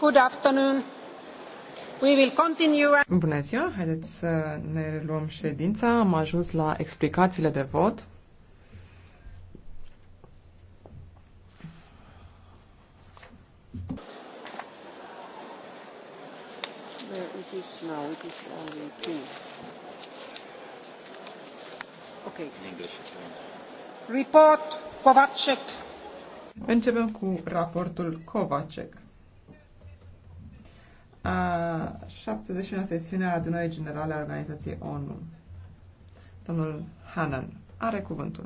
Good afternoon. We will continue. Bună ziua, haideți să ne reluăm ședința. Am ajuns la explicațiile de vot. Okay. Report Kovacek. Începem cu raportul Kovacek a 71-a sesiune a adunării generale a Organizației ONU. Domnul Hanan, are cuvântul.